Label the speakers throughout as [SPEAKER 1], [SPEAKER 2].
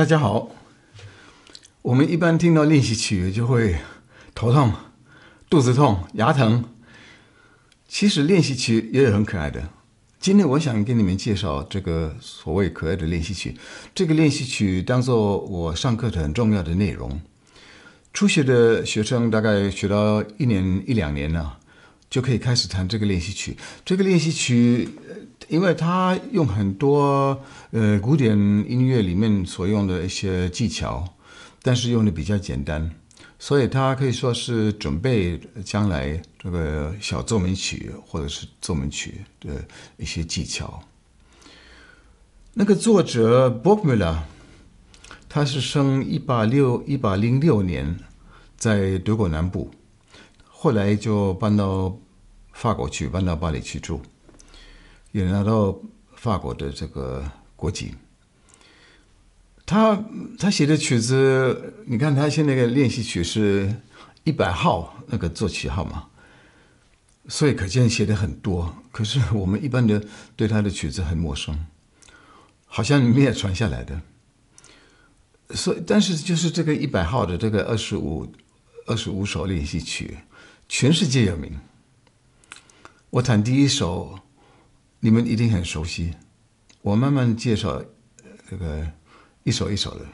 [SPEAKER 1] 大家好，我們一般聽到練習曲就會頭痛、肚子痛、牙疼。其實練習曲也是很可愛的。今天我想給你們介紹這個所謂可愛的練習曲。這個練習曲當做我上課的很重要的內容。初學的學生大概學到一年一兩年了，就可以開始彈這個練習曲。這個練習曲，因為他用很多呃古典音樂裡面所用的一些技巧，但是用的比較簡單，所以他可以說是準備將來這個小奏鳴曲或者是奏鳴曲的一些技巧。那個作者 Burgmüller 他是生一八六一八零六年，在德國南部。後來就搬到法國去，搬到巴黎去住，也拿到法國的這個國籍。他他寫的曲子，你看他寫那個練習曲是一百號那個作曲號嘛，所以可見寫的很多。可是我們一般的對他的曲子很陌生，好像沒有傳下來的。所以，但是就是這個一百號的這個二十五二十五首練習曲。全世界有名。我彈第一首，你們一定很熟悉。我慢慢介紹這個一首一首的。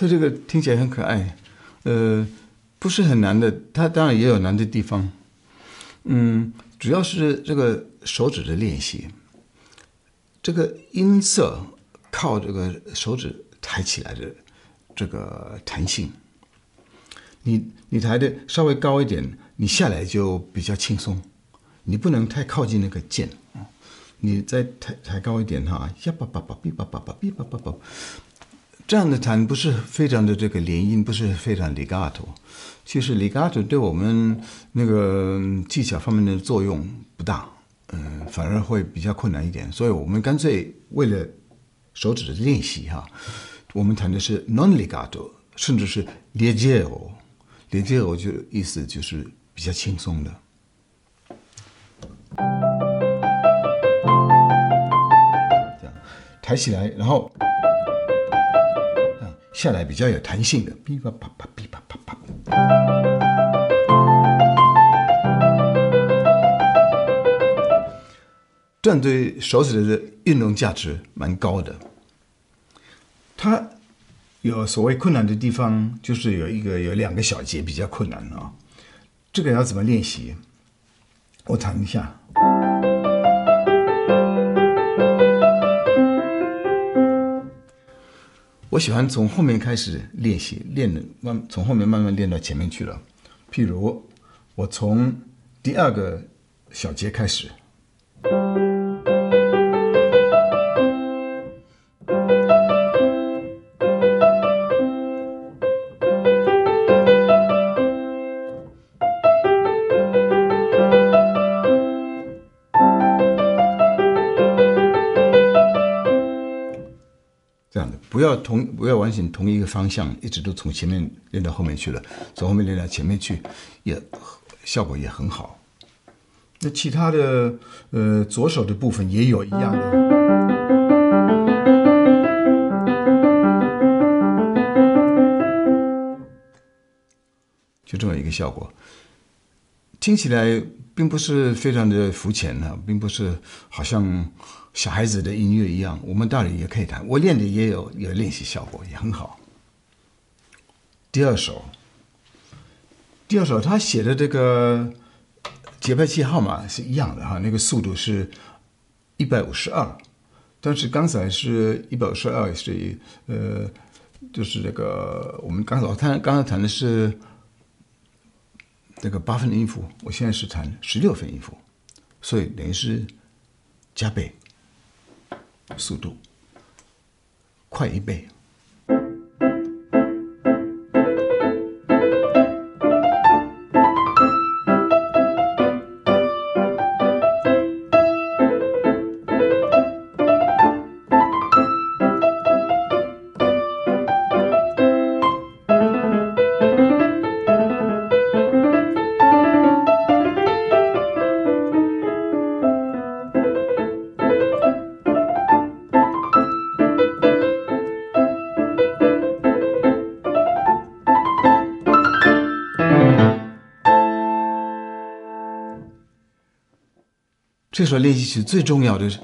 [SPEAKER 1] 它這個聽起來很可愛，呃，不是很難的。它當然也有難的地方，嗯，主要是這個手指的練習。這個音色靠這個手指抬起來的這個彈性，你你抬得稍微高一點，你下來就比較輕鬆。你不能太靠近那個鍵，你再抬抬高一點哈，呀吧吧吧，嗶吧吧吧，嗶吧這樣的彈不是非常的這個連音，不是非常 legato。其實 legato 對我們那個技巧方面的作用不大，嗯，反而會比較困難一點。所以，我們乾脆為了手指的練習哈，我們彈的是 non legato，甚至是 leggero。l e g e o 就意思就是比較輕鬆的。抬起來，然後。下來比較有彈性的，噼啪啪啪，噼啪啪啪。這樣對手指的運動價值蠻高的。它有所謂困難的地方，就是有一個有兩個小節比較困難啊、哦。這個要怎麼練習？我彈一下。我喜歡從後面開始練習，練得慢，從後面慢慢練到前面去了。譬如，我從第二個小節開始。這樣的，不要同，不要完全同一個方向，一直都從前面練到後面去了，從後面練到前面去，也效果也很好。那其他的，呃，左手的部分也有一樣的，就這麼一個效果。聽起來並不是非常的膚淺呢，並不是好像小孩子的音樂一樣。我們大人也可以彈，我練的也有，有練習效果也很好。第二首，第二首他寫的這個節拍器號碼是一樣的哈、啊，那個速度是一百五十二，但是剛才是一百五十二，所以呃，就是這個我們剛才剛才談的是。那、這個八分的音符，我現在是彈十六分音符，所以等於是加倍速度，快一倍。這首練習曲最重要的是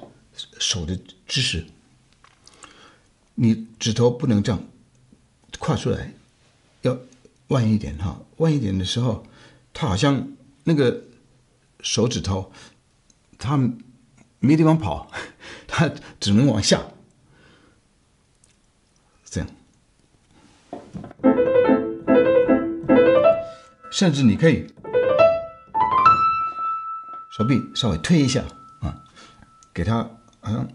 [SPEAKER 1] 手的姿勢，你指頭不能這樣跨出來，要彎一點哈、哦，彎一點的時候，它好像那個手指頭，它沒地方跑，它只能往下，這樣，甚至你可以。手臂稍微推一下啊，嗯，給它，嗯，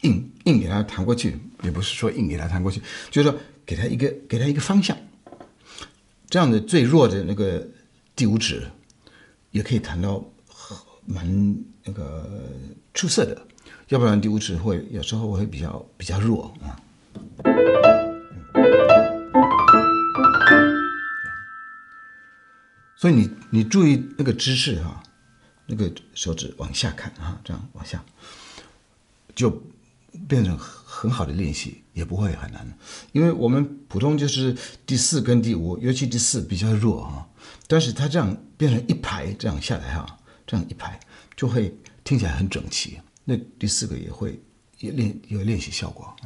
[SPEAKER 1] 硬硬給它彈過去，也不是說硬給它彈過去，就是說給它一個給它一個方向，這樣的最弱的那個第五指也可以彈到蠻那個出色的，要不然第五指會有時候會比較比較弱啊，嗯。所以你你注意那個姿勢哈，啊。那個手指往下看啊，這樣往下，就變成很好的練習，也不會很難。因為我們普通就是第四跟第五，尤其第四比較弱啊。但是它這樣變成一排這樣下來哈，這樣一排就會聽起來很整齊。那第四個也會也練有練習效果。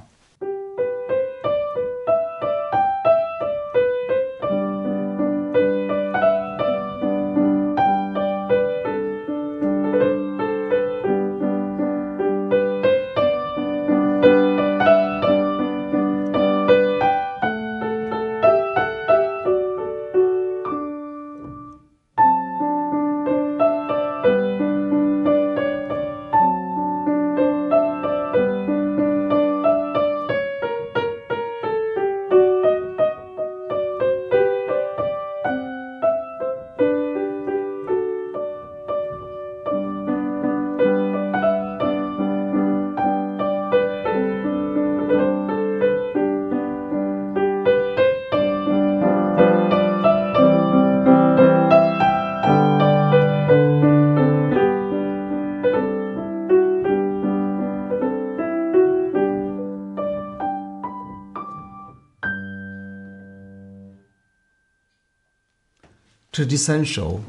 [SPEAKER 1] 這第三首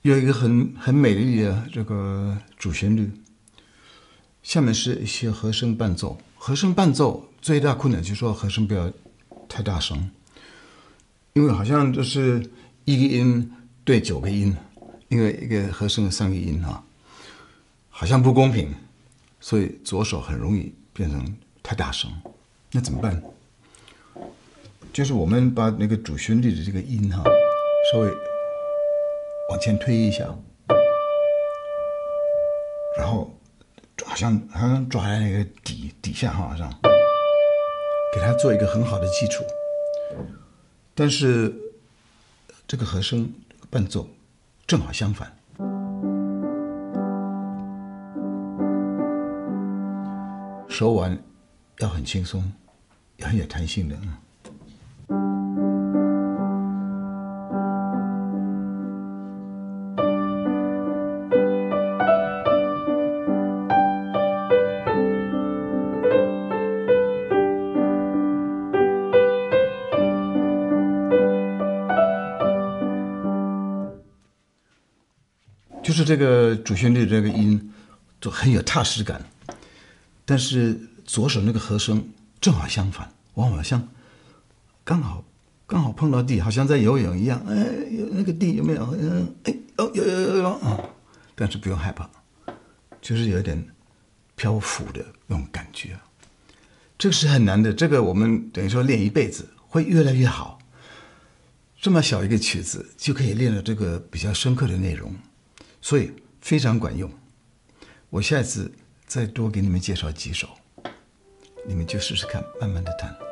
[SPEAKER 1] 有一個很很美麗的這個主旋律，下面是一些和聲伴奏。和聲伴奏最大困難就是說和聲不要太大聲，因為好像就是一個音對九個音，因為一個和聲的三個音哈，好像不公平，所以左手很容易變成太大聲。那怎麼辦？就是我們把那個主旋律的這個音哈。稍微往前推一下，然後好像好像抓在那個底底下，好像給它做一個很好的基礎。但是這個和聲、這個、伴奏正好相反，手腕要很輕鬆，也很有彈性的就是這個主旋律這個音，就很有踏實感，但是左手那個和聲正好相反，往往像剛好剛好碰到地，好像在游泳一樣。哎，有那個地有沒有？嗯，哎，哦，有有有有，嗯。但是不用害怕，就是有一點漂浮的那種感覺。這個是很難的，這個我們等於說練一輩子會越來越好。這麼小一個曲子就可以練到這個比較深刻的內容。所以非常管用，我下次再多給你們介紹幾首，你們就試試看，慢慢的彈。